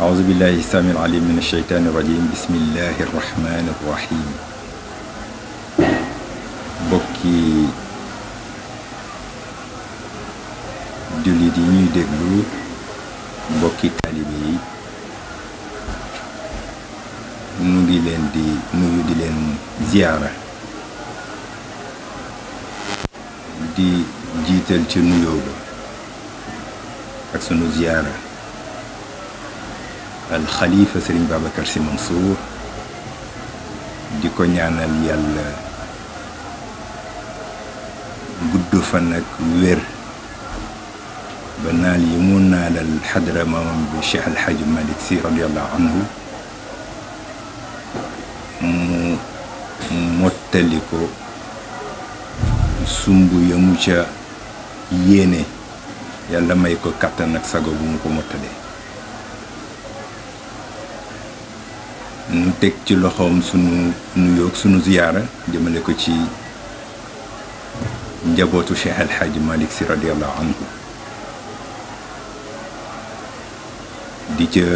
أعوذ بالله السامع العليم من الشيطان الرجيم بسم الله الرحمن الرحيم bokki jullit yi ñuy déglu mbokki taalibe yi mu ngi leen di nuyu di leen ziyaara di jiital ci nuyoo ba ak sunu ziyaara alxalifa Serigne Babacar Sy Mansour di ko ñaanal yàlla gudd fan ak wér ba naal yi mu naalal xadra maamam bi Cheikh El Hadj Malick Sy anhu mu mottali ko sumb ya ca yéene yàlla may ko kattan ak sago bu mu ko mottalee nu teg ci loxoom sunu nuyoog sunu ziyaara jëmale ko ci njabootu Cheikh El malik si Sy radiyallahu anhu di ca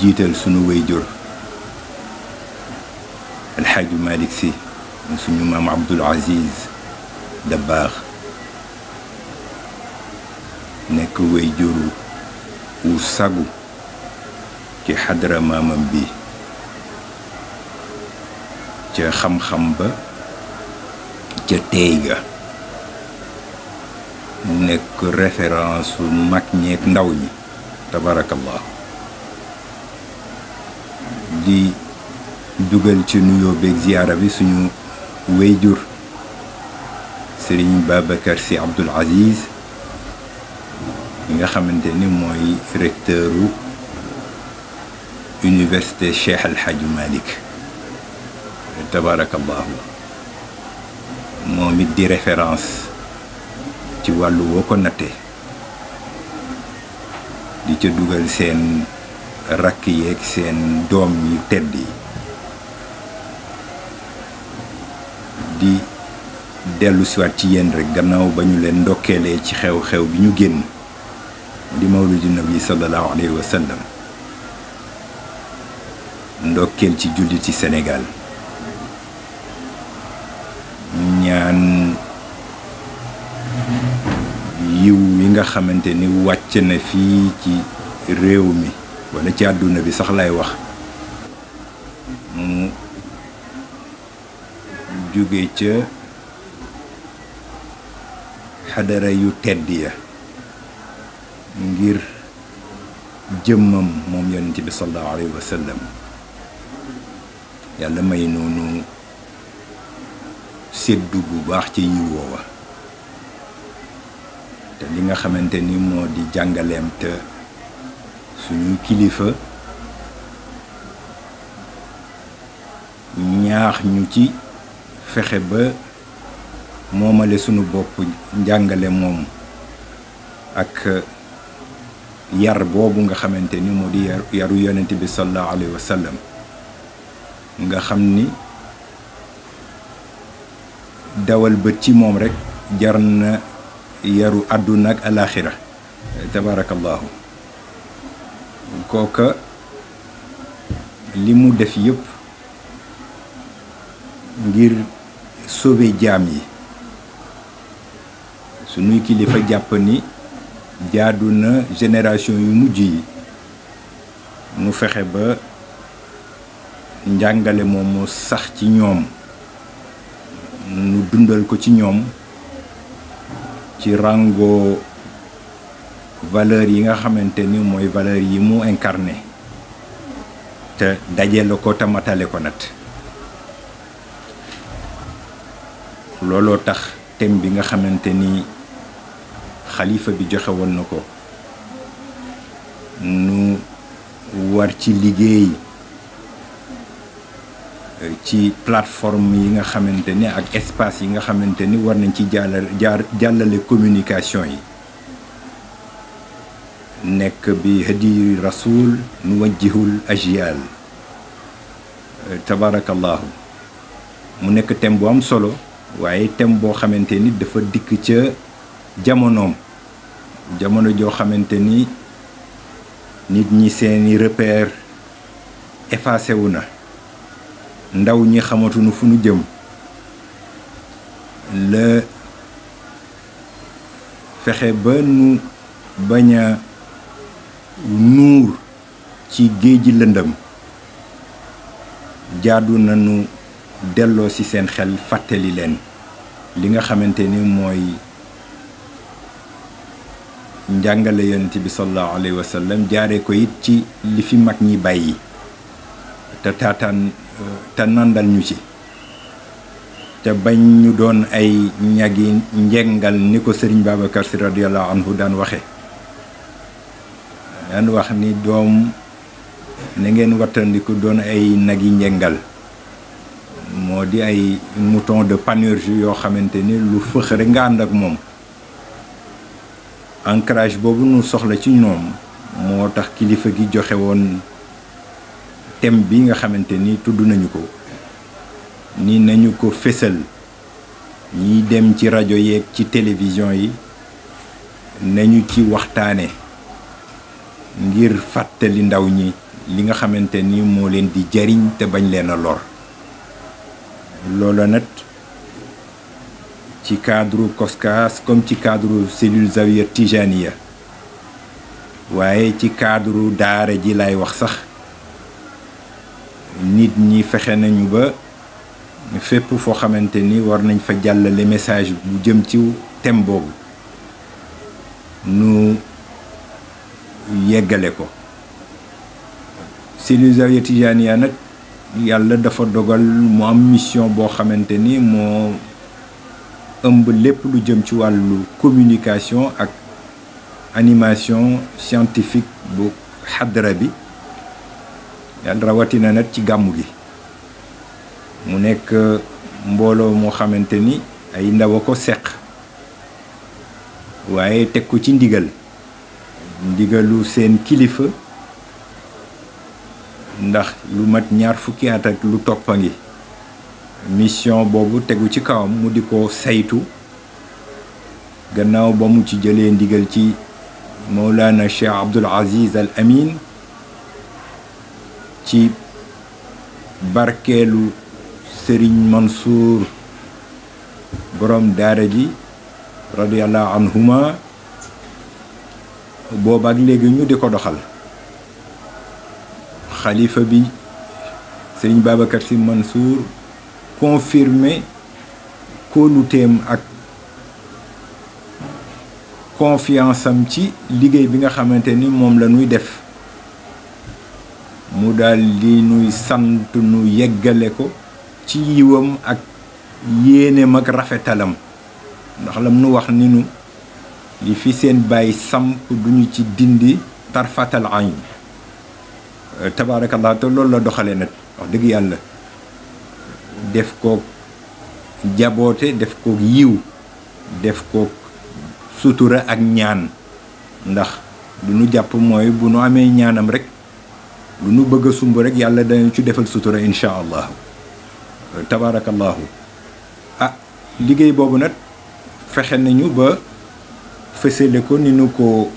jiital sunu wéyjur El malik si Sy suñu maam Abdoul Aziz Dabakh nekk wéyjuru wu sagu ci xadara maamam bi ca xam-xam ba ca teey ga mu nekk référence su mag ñeeg ndaw ñi tabarakallah di dugal ci nuyoo beeg ziyaara bi suñu wéyjur Serigne Babacar ci Abdoul Aziz nga xamante ni mooy recteuru université Cheikh Al Hadj Malick tabaarakallaahu moom it di référence ci wàllu woo ko natte di ca dugal seen rakk yeeg seen doom yu tedd yi di dellu siwaat ci yéen rek gannaaw ba ñu leen ndokkeelee ci xew-xew bi ñu génn di mawlidu nabi sallallahu alayhi wa sallam ndokkeel ci jullit ci senegaal ñaan yiw yi nga xamante ni wàcc na fii ci réew mi walla ci àdduna bi sax lay wax mu jóge ca xadara yu tedd ya ngir jëmmam moom yonent bi sallallahu alayhi wa sallam yàlla may noonu séddu bu baax ci yiw woowa te li nga xamante ni moo di jàngaleem te suñu kilifa ñaax ñu ci fexe ba moomale sunu bopp jàngale moom ak yar boobu nga xamante ni moo di yaru yonent bi sallallahu alayhi wa nga xam ni dawal bët ci moom rekk jar na yaru àdduna ak alaaxira tabaarakallaahu kooka li mu def yëpp ngir sauver jaam yi sunuy kilifa jàpp ni jaadu na génération yu mujj yi mu fexe ba njàngale moomu sax ci ñoom nu dundal ko ci ñoom ci rango valeur yi nga xamante ni mooy valeur yi mu incarné te dajale ko te matale ko nat looloo tax thème bi nga xamante ni xalifa bi joxe na ko nu war ci liggéey ci plateforme yi nga xamante ni ak espace yi nga xamante ni war nañ ci jàllale jaar communication yi nekk bi hadi rasul nu wajjihul ajial euh, tabarakallahu mu nekk thème bu am solo waaye thème boo xamante ni dafa dikk ca jamonoom jamono joo xamante ni nit ñi seeni repère effacé wu na ndaw ñi xamatuñu fu ñu jëm la fexe ba nu bañ a nuur ci géeji lëndëm jaadu nañu delloo ci seen xel fàttali leen li nga xamante ni mooy njàngale yonent bi sallallahu alayhi wa jaare ko it ci li fi mag ñi bàyyi te taataan te nandal ñu ci te bañ ñu doon ay ñag yi njengal ni ko sëriñ Babacar si radiyallahu anhu daan waxe daan wax ni doom na ngeen wattandiku doon ay nag nagi njengal moo di ay mouton de panurge yoo xamante ni lu fëx nga ànd ak moom encrage boobu nu soxla ci ñoom moo tax kilifa gi joxe woon thème bi nga xamante ni tudd nañu ko ni nañu ko fésal ñiy dem ci rajo yeeg ci télévision yi nañu ci waxtaane ngir fàttali ndaw ñi li nga xamante ni moo leen di jariñ te bañ leen a lor loola nag ci cadre COSCAS comme ci cadre cellule Zawiya Tijaniya waaye ci cadre daara ji lay wax sax nit ñi fexe nañu ba fépp foo xamante ni war nañ fa jàllale message bu jëm ci thème boobu nu yeggale ko cellule Zawiya Tijaniyya nag yàlla dafa dogal mu am mission boo xamante ni moo ëmb lépp lu jëm ci wàllu communication ak animation scientifique bu xadra bi rawatina nag ci gàmmu gi mu nekk euh, mbooloo moo xamante ni ay ndaw a ko seq waaye teg ko ci ndigal ndigalu seen kilifa ndax lu mat ñaar fukkiyaat ak lu topp a ngi mission boobu tegu ci kawam mu di ko saytu gannaaw ba mu ci jëlee ndigal ci Mawlana Cheikh Abdoul Aziz Al Amin ci barkeelu sëriñ Mansour borom daara ji radiyallahu anhuma boobaak léegi ñu di ko doxal xalifa bi sëriñ Babacar Sy Mansour confirmé kóoluteem ak confiance ci liggéey bi nga xamante ni moom la def mu daal li nuy sant nu yeggale ko ci yiwam ak yéeneem ak rafetalam ndax lam nu wax ni nu li fi seen bàyyi samp duñu ci dindi tarfatal ayn tabaarakallah te loolu la doxale nag wax dëgg yàlla def kook jaboote def kook yiw def kook sutura ak ñaan ndax du nu jàpp mooy bu nu amee ñaanam rekk lu nu bëgg a sumb rek yàlla dañu ci defal sutura incha allah tabaarakallahu ah liggéey boobu nag fexe nañu ba fësale ko ni nu ko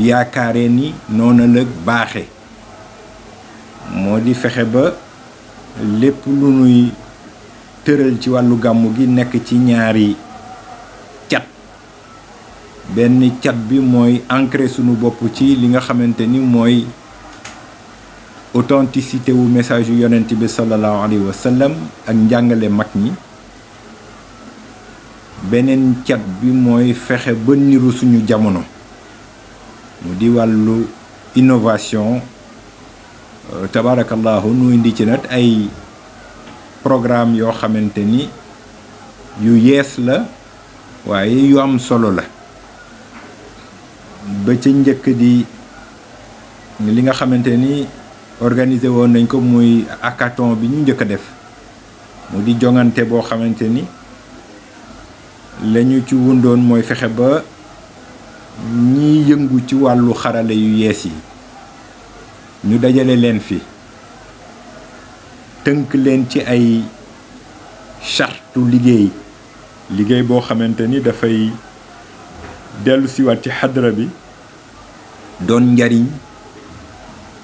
yaakaaree ni noona la baaxe moo di fexe ba lépp lu nuy tëral ci wàllu gàmmu gi nekk ci ñaari cat benn cat bi mooy ancré sunu bopp ci li nga xamante ni mooy authenticité wu message yu yonent bi sallallahu alayhi wa ak njàngale mag ñi beneen cat bi mooy fexe ba niru suñu jamono mu di wàllu innovation euh, tabarakallahu nu indi ci nag ay programme yoo xamante ni yu yees la waaye yu am solo la ba ca njëkk di li nga xamante ni organiser woon nañ ko muy hackathon bi ñu njëkk a def mu di jongante boo xamante ni lañu ñu ci wundoon mooy fexe ba ñiy yëngu ci wàllu xarala yu yees yi ñu dajale leen fi tënk leen ci ay chartu liggéey liggéey boo xamante ni dafay dellu siwaat ci xadra bi doon njariñ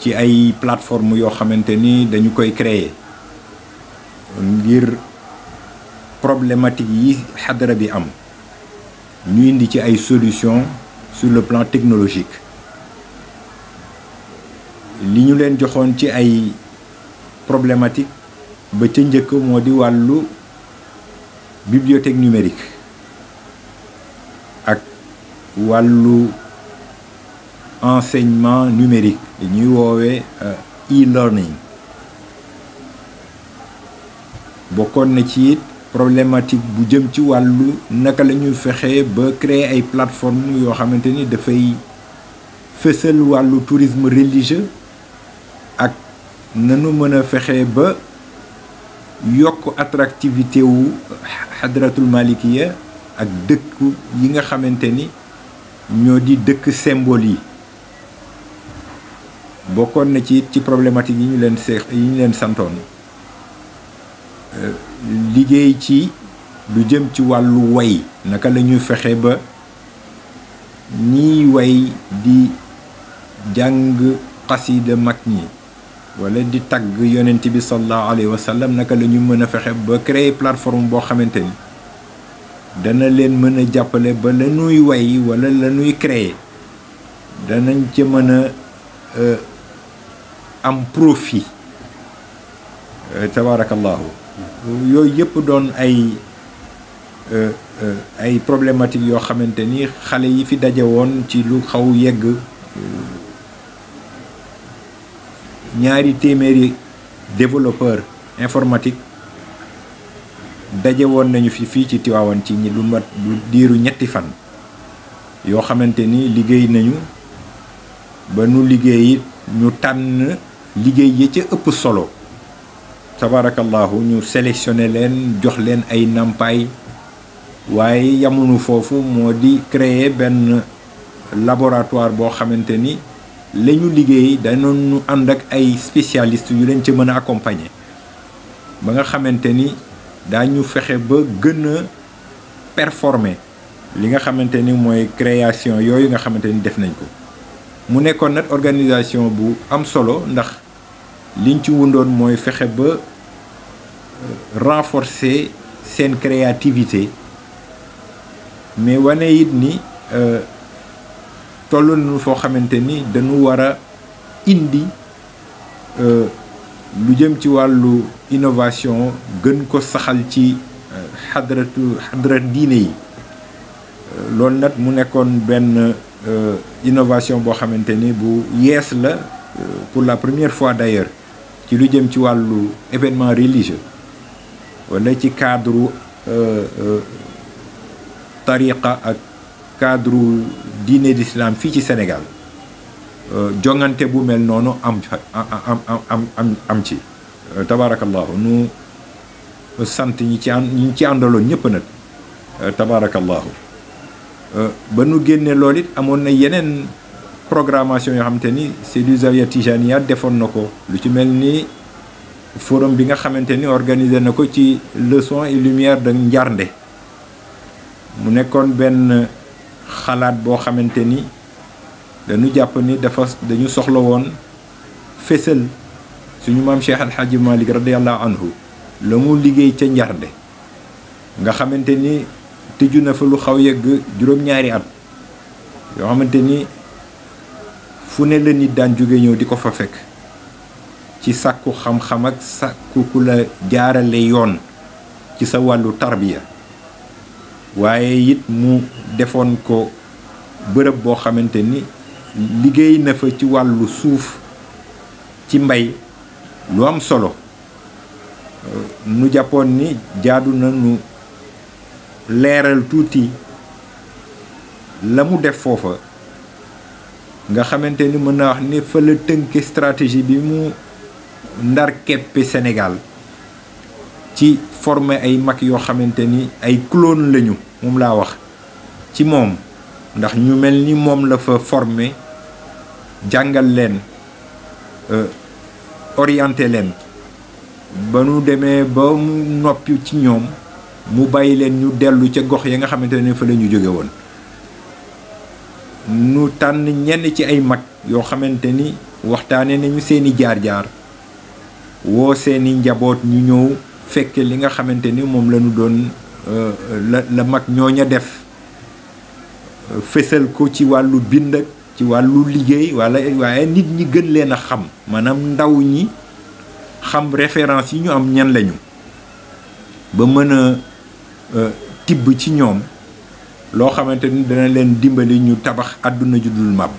ci ay plateforme yoo xamante ni dañu koy créer ngir problématique yi xadara bi am ñu indi ci ay solution sur le plan technologique li ñu leen joxoon ci ay problématique ba ca njëkk moo di wàllu bibliothèque numérique ak wàllu enseignement numérique li ñuy woowee euh, e-learning bokkoon na ci it problématique bu jëm ci wàllu naka lañuy ñuy fexee ba créer ay plateforme yoo xamante ni dafay fësal wàllu tourisme religieux ak nanu mën a fexee ba yokk attractivité wu xadratul malikiya ak dëkk yi nga xamante ni ñoo di dëkk symbole yi bokkoon na ci ci problématique yi ñu leen seex yi ñu leen santoon euh, liggéey ci lu jëm ci wàllu way naka la ñuy fexe ba ñiy way di jàng xasida mag ñi wala di tagg yonent bi sallallahu alayhi wa sallam naka la ñu mën a fexe ba créer plateforme boo xamante ni dana leen mën a jàppale ba la ñuy way wala la ñuy danañ ca mën a euh, am profit euh, tabaarakallaahu yooyu yëpp doon ay euh, euh, ay problématique yoo xamante ni xale yi fi daje woon ci lu xaw yegg ñaari téeméeri développeur informatique daje woon nañu fi fii ci Tiwaawan ci ñi lu mat lu diiru ñetti fan yoo xamante ni liggéey nañu ba nu liggéey ñu tànn liggéey yi ca ëpp solo tabaarakallaahu ñu sélectionné leen jox leen ay nampaay waaye yamunu foofu moo di créer benn laboratoire boo xamante ni la ñu liggéey danañu ànd ak ay spécialistes yu leen ci mën a accompagner ba nga xamante ni daañu fexe ba gën a performer li nga xamante ni mooy création yooyu nga xamante ni def nañ ko mu nekkoon nag organisation bu am solo ndax liñ ci wundoon mooy fexe ba euh, renforcer seen créativité mais wane it ni euh, toll nañu foo xamante ni dañu war a indi euh, lu jëm ci wàllu innovation gën ko saxal ci xadratu xadrat diine yi loolu nag mu nekkoon benn innovation boo xamante ni bu yees la pour la première fois d'ailleurs ci lu jëm ci wàllu événement religieux wala ci cadre euh, euh, tariqa ak cadre diine d'islam fii ci Sénégal euh, jongante bu mel noonu am am am am ci tabaarakallahu nu sant ñi ci ànd àndaloon ñëpp nag tabaarakallahu ba nu génne lool it amoon na yeneen programmation yoo xamante ni Seydou Zawiya Tijaniya defoon na ko lu ci mel ni forum bi nga xamante ni organisé na ko ci leçon et lumière de Njarnde mu nekkoon benn xalaat boo xamante ni danu jàpp ni dafa dañu soxla woon fésal suñu maam Cheikh Al Hadji Malick radiallahu anhu mu liggéey ca Njarnde nga xamante ni tëju na fa lu xaw yegg juróom-ñaari at yoo xamante ni fu ne la nit daan jóge ñëw di ko fa fekk ci sàkku xam-xam ak sàkku ku la jaarale yoon ci sa wàllu tarbiya waaye it mu defoon ko bërëb boo xamante ni liggéey na fa ci wàllu suuf ci mbay lu am solo nu jàppoon ni jaadu na nu leeral tuuti la mu def foofa nga xamante ni mën naa wax ni fa la tënke stratégie bi mu ndar keppe Sénégal ci former ay mag yoo xamante ni ay clone lañu moom laa wax ci moom ndax ñu mel ni moom la fa former jàngal leen euh, orienté leen ba nu demee ba mu noppi ci ñoom mu bàyyi leen ñu dellu ca gox ya nga xamante ne fa la ñu jóge woon nu tànn ñenn ci ay mag yoo xamante ni waxtaane nañu seeni jaar-jaar woo seeni njaboot ñu ñëw fekk li nga xamante ni moom la ñu doon euh, la la mag ña def fësal ko ci wàllu bind ak ci wàllu liggéey wala waaye nit ñi gën leen a xam maanaam ndaw ñi xam référence yi ñu am ñan lañu ba mën a euh, tibb ci ñoom loo xamante ni dana leen dimbali ñu tabax àdduna ju dul màbb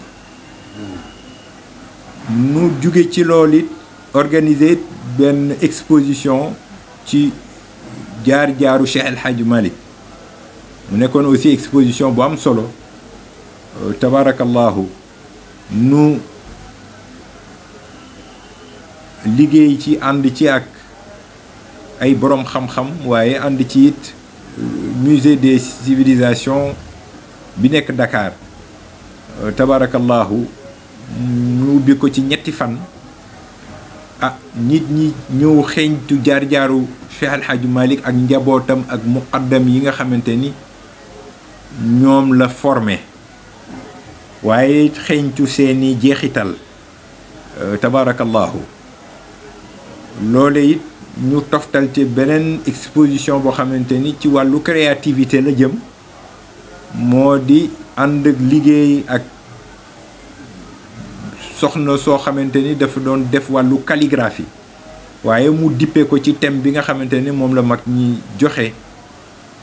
nu jóge ci lool it organiser benn exposition ci jaar-jaaru Cheikh El Hadj mu nekkoon aussi exposition bu am solo euh, tabaarakallaahu nu liggéey ci ànd ci ak ay boroom xam-xam waaye ànd ci it euh, musée de civilisations bi nekk Dakar euh, tabaarakallaahu ñu ubbi ko ci ñetti fan ah nit ñi ñëw xeeñcu jaar-jaaru Cheikh Al Hadj ak njabootam ak muqaddam yi nga xamante ni ñoom la forme waaye xeeñtu seeni jeexital euh, tabaarakallaahu loole it ñu toftal ci beneen exposition boo xamante ni ci wàllu créativité la jëm moo di ànd ak liggéey ak soxna soo xamante ni dafa doon def wàllu calligraphie waaye mu dippe ko ci thème bi nga xamante ni moom la mag ñi joxe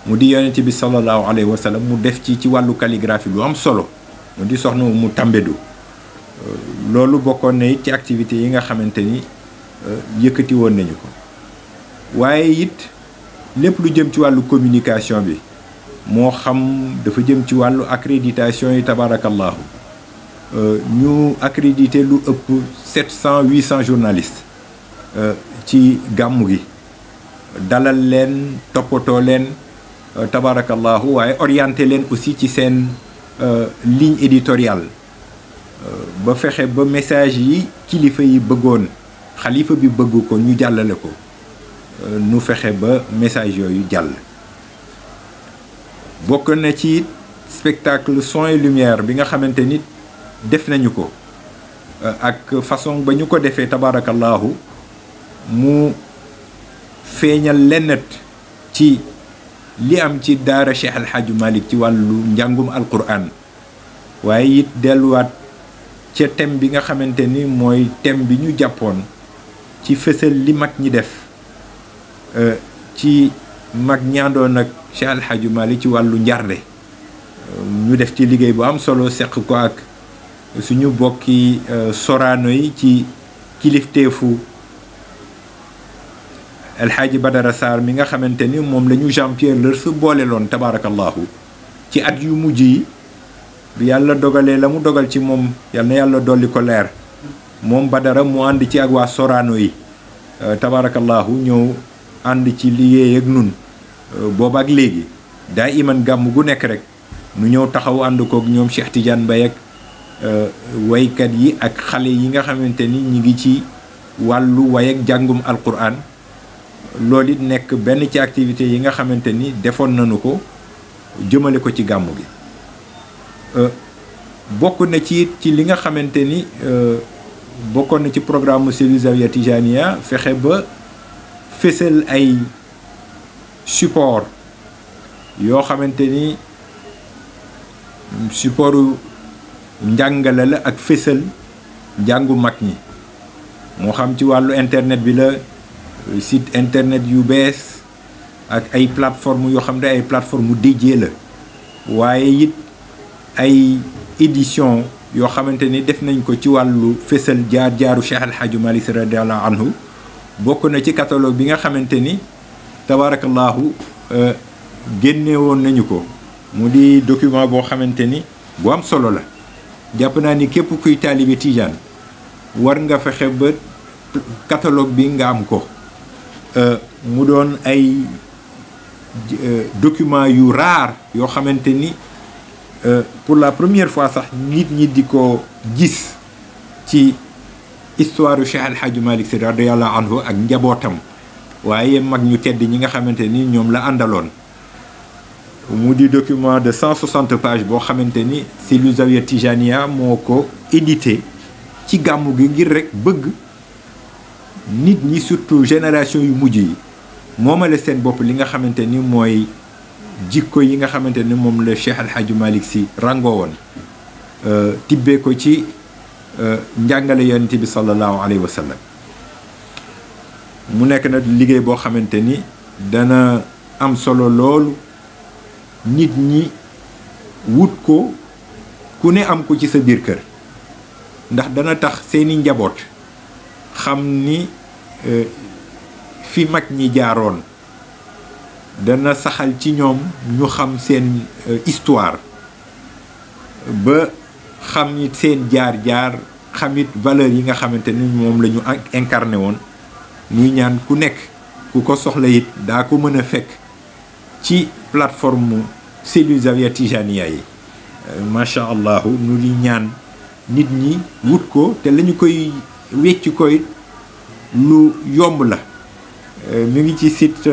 mu di yonent bi sallallahu alayhi wa mu def ci ci wàllu calligraphie lu am solo mu di soxna mu tàmbedu loolu bokkoon na ci activité yi nga xamante ni euh, yëkkati woon nañu ko waaye it lépp lu jëm ci wàllu communication bi moo xam dafa jëm ci wàllu accréditation yi tabaarakallaahu euh, ñu accrédité lu ëpp 700 800 journalistes euh, ci gàmmu gi dalal leen toppatoo leen euh, tabaarakallaahu waaye orienté leen aussi ci seen ligne éditoriale ba fexe ba message yi kilifa yi bëggoon xalifa bi bëgg ko ñu jàllale ko nu fexe ba message yooyu jàll bokk na ci spectacle son et lumière bi nga xamante nit def nañu ko euh, ak façon ba ñu ko defee tabaarakallaahu mu feeñal lennet ci li am ci daara Cheikh Al Hadj ci wàllu njàngum Alqur'an waaye it delluwaat ca thème bi nga xamante ni mooy thème bi ñu jàppoon ci fësal li mag ñi def. Euh, ci mag ñaandoon ak Cheikh Al Hadj Malick ci wàllu njarde euh, ñu def ci liggéey bu am solo seq ko ak suñu bokki euh, soraano yi ci kilifteefu El Badara Sarr mi nga xamante ni moom la ñu Jean Pierre Lers boole loon tabaarakallahu ci at yu mujj yi bi yàlla dogalee la mu dogal ci moom yal yàlla dolli ko leer moom Badara mu ànd ci ak waa soraano yi tabaarakallahu ñëw. ànd ci liggéey ak nun euh, boobaak léegi daa iman gàmm gu nekk rek nu ñëw taxaw ànd kook ñoom Cheikh Tidiane Mbaye ak euh, waykat yi ak xale yi nga xamante ni ñi ngi ci wàllu way ak jàngum alquran loolu it nekk benn ci activité yi nga xamante ni defoon nañu ko jëmale ko ci gàmm gi euh, bokk na ci ci li nga xamante ni bokkoon na ci programme Cellule Zawiya Tijaniya fexe ba fésal ay support yoo xamante ni supportu njàngale la ak fésal njàngu mag ñi moo xam ci wàllu internet bi la site internet yu bees ak ay plateforme yoo xam ne ay plateforme dédiée la waaye it ay édition yoo xamante ni def nañ ko ci wàllu fésal jaar jaaru Cheikh Al Hadj Malick Sy radiyallahu anhu bokk na ci catalogue bi nga xamante ni tabaarakallaahu euh, génne woon nañu ko mu di document boo xamante ni bu am solo la jàpp naa ni képp kuy taalibe tiijan war nga fexe ba catalogue bi nga am ko euh, mu doon ay euh, document yu raar yoo xamante ni pour la première fois sax nit ñi di ko gis ci histoire u Cheikh El Hadj Malick Sy radiyallahu ak njabootam waaye mag ñu tedd ñi nga xamante ni ñoom la àndaloon mu di document de 160 pages boo xamante ni Sylvie Zawiya Tijania moo ko édité ci gàmmu gi ngir rek bëgg nit ñi surtout génération yu mujj yi moomale seen bopp li nga xamante ni mooy jikko yi nga xamante ni moom la Cheikh El Hadj si Sy ràngoo woon euh, tibbee ko ci Euh, njàngale yonent bi sallallahu alayhi wa sallam mu nekk na liggéey boo xamante ni dana am solo loolu nit ñi wut ko ku ne am ko ci sa biir kër ndax dana tax seeni njaboot xam ni euh, fi mag ñi jaaroon dana saxal ci ñoom ñu xam seen euh, histoire ba xam it seen jaar-jaar xam it valeur yi nga xamante ni moom lañu ñu incarné woon ñuy ñaan ku nekk ku ko soxla it daa ko mën a fekk ci plateforme cellule Zawiya Tijaniya yi euh, macha allah ñu li ñaan nit ñi wut ko te lañu koy wecc koy lu yomb la euh, mu ngi ci site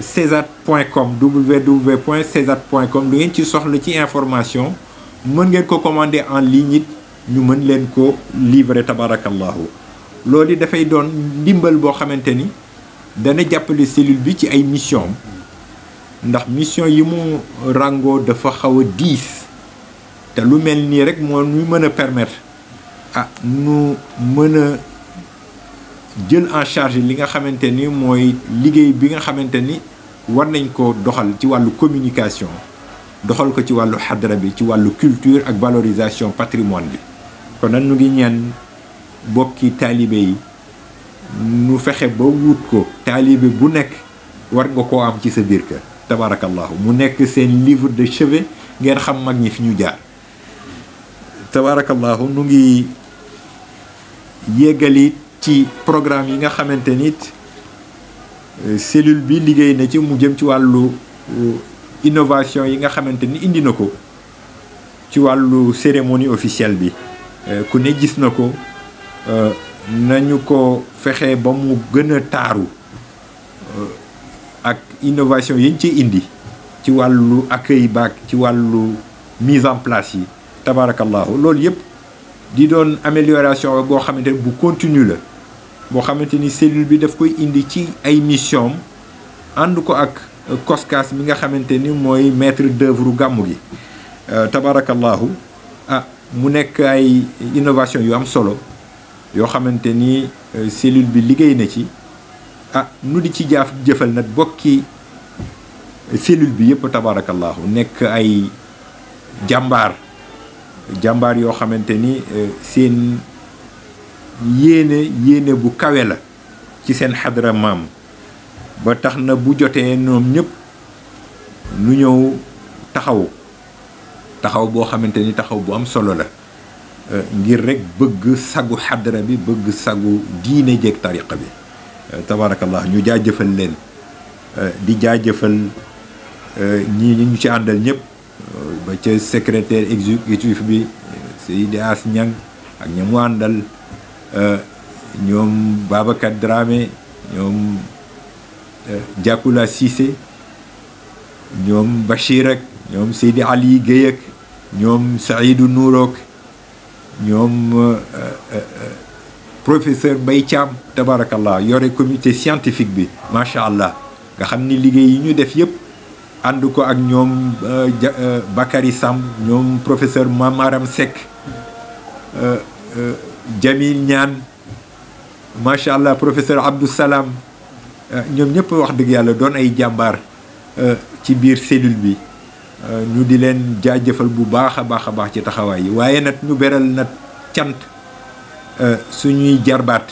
sesat euh, point com www point sesat point com lu ngeen ci soxla ci information mën ngeen ko commander en ligne it ñu mën leen ko livrer tabarakallahu loolu yi dafay doon ndimbal boo xamante ni dana jàppale cellule bi ci ay mission ndax mission yi mu ràngoo dafa xaw a diis te lu mel nii rek moo ñu mën a permettre ah nu mën a jël en charge li nga xamante ni mooy liggéey bi nga xamante ni war nañ ko doxal ci wàllu communication doxal ko ci wàllu xadra bi ci wàllu culture ak valorisation patrimoine bi kon nag nu ngi ñaan bokki taalibe yi nu fexe ba wut ko taalibe bu nekk war nga koo am ci sa biir kër tabaarakallaahu mu nekk seen livre de chevet ngeen xam mag ñi fi ñu jaar tabaarakallaahu nu ngi yéegali ci programme yi nga xamante nit euh, cellule bi liggéey na ci mu jëm ci wàllu euh, innovation yi nga xamante ni indi na ko ci wàllu cérémonie officielle bi euh, ku ne gis na ko euh, nañu ko fexe ba mu gën a taaru euh, ak innovation yiñ ci indi ci wàllu accueil baak ci wàllu mise en place yi tabarakallahu loolu yëpp di doon amélioration boo xamante ni bu continue la boo xamante ni cellule bi daf koy indi ci ay mission am ànd ko ak koskaas bi nga xamante ni mooy maître d'œuvre gàmmu gi euh, tabarakallahu ah mu nekk ay innovation yu am solo yoo xamante ni euh, cellule bi liggéey na ci ah nu di ci jaaf jëfal nag bokki cellule bi yëpp tabarakallahu nekk ay jàmbaar jàmbaar yoo xamante ni euh, seen yéene yéene bu kawe la ci seen xadra maam ba tax na bu jotee ñoom ñëpp nu ñëw taxaw taxaw boo xamante ni taxaw bu am solo la euh, ngir rek bëgg sagu xadra bi bëgg sagu diine jeeg tariqa bi euh, tabaarakallah ñu jaajëfal leen euh, di jaajëfal ñii ñi ñu ci àndal ñëpp ba ca secrétaire exécutif bi Seydi As Ñang ak ña mu àndal ñoom babakat drame ñoom Diakoula Cissé ñoom Bachir ak ñoom Seydi Ali Guèye ak ñoom Saïdou Nourook ñoom euh, euh, euh, professeur Mbaye tabarakallah yore comité scientifique bi macha allah nga xam ni liggéey yi ñu def yëpp ànd ko ak ñoom Bakary Samb ñoom professeur Mamaram Seck Jamil Ñaan macha allah professeur Abdou ñoom ñëpp wax dëgg yàlla doon ay jàmbaar euh, ci biir cellule bi euh, ñu di leen jaajëfal bu baax a baax a baax ci taxawaay yi waaye nag ñu beral nag cant euh, suñuy jarbaat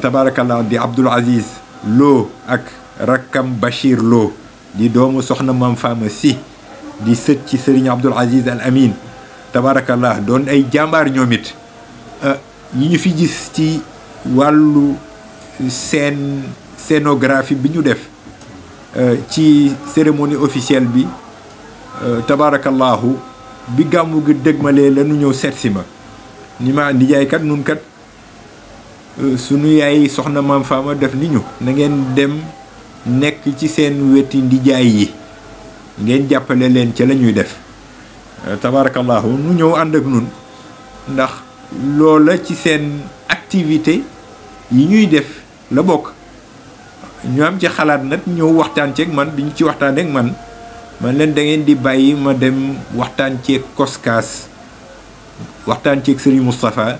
tabaarakallah di Abdoul Aziz Lo ak rakkam Bachir Lo di doomu soxna Mam Fama si di sët ci Serigne Abdoul Aziz Al Amin tabaarakallah doon ay jàmbaar ñoom yi ñu fi gis ci wàllu seen scénographie bi ñu def euh, ci cérémonie officielle bi euh, tabaarakallaahu bi gàmmu gi dëgmalee la ñu ñëw seet si ma ni ma nijaay kat nun kat euh, yaay soxna maam faama def ni ñu nangeen dem nekk ci seen weti ndijaay yi ngeen jàppale leen ca lañuy def tabaarakallaahu nu ñëw ànd ak nun ndax loola ci seen activité yi ñuy def la bokk ñu am ci xalaat nag ñëw waxtaan ceeg man bi ñu ci waxtaaneek man man leen dangeen di bàyyi ma dem waxtaan ceeg koskaas waxtaan ceeg Serigne Moustapha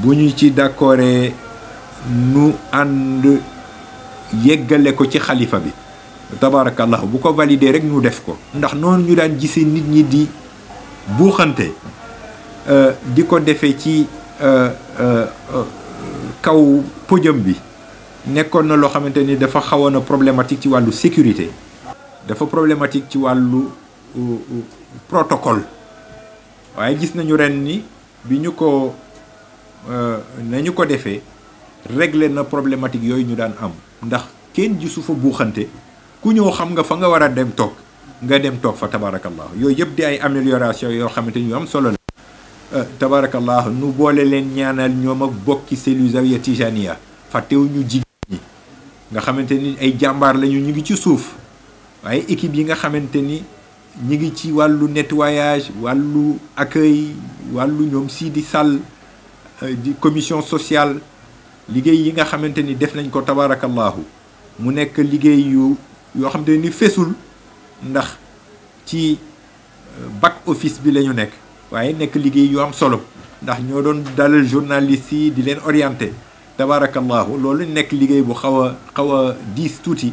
bu ñu ci d'accordee nu ànd yeggale ko ci xalifa bi tabaarakallahu bu ko validé rek ñu def ko ndax noonu ñu daan gisee nit ñi di buuxante euh, di ko defee ci euh, euh, kaw pëjam bi nekkoon na loo xamante ni dafa xawoon a problématique ci wàllu sécurité dafa problématique ci wàllu euh, euh, protocole waaye gis nañu ren ni bi ñu ko euh, nañu ko defee réglé na problématique yooyu ñu daan am ndax kenn gisu fa buuxante ku ñëw xam nga fa nga war a dem toog nga dem toog fa tabarakallah yooyu yëpp di ay amélioration yoo xamante ni ñu am solo la tabarakallah nu boole leen ñaanal ñoo ak bokki cellule zawiya tijaniya fàttewu ñu jig nga xamante ni ay jàmbaar lañu ñu ngi ci suuf waaye équipe yi nga xamante ni ñu ngi ci wàllu nettoyage wàllu accueil wàllu ñoom sii di sàll euh, di commission sociale liggéey yi nga xamante ni def nañ ko tabaarakallaahu mu nekk liggéey yu yoo xamante ni fesul ndax ci euh, back office bi la nekk waaye nekk liggéey yu am solo ndax ñoo doon dalal journaliste yi di leen orienté tabaarakallaahu loolu nekk liggéey bu xaw a xaw a diis tuuti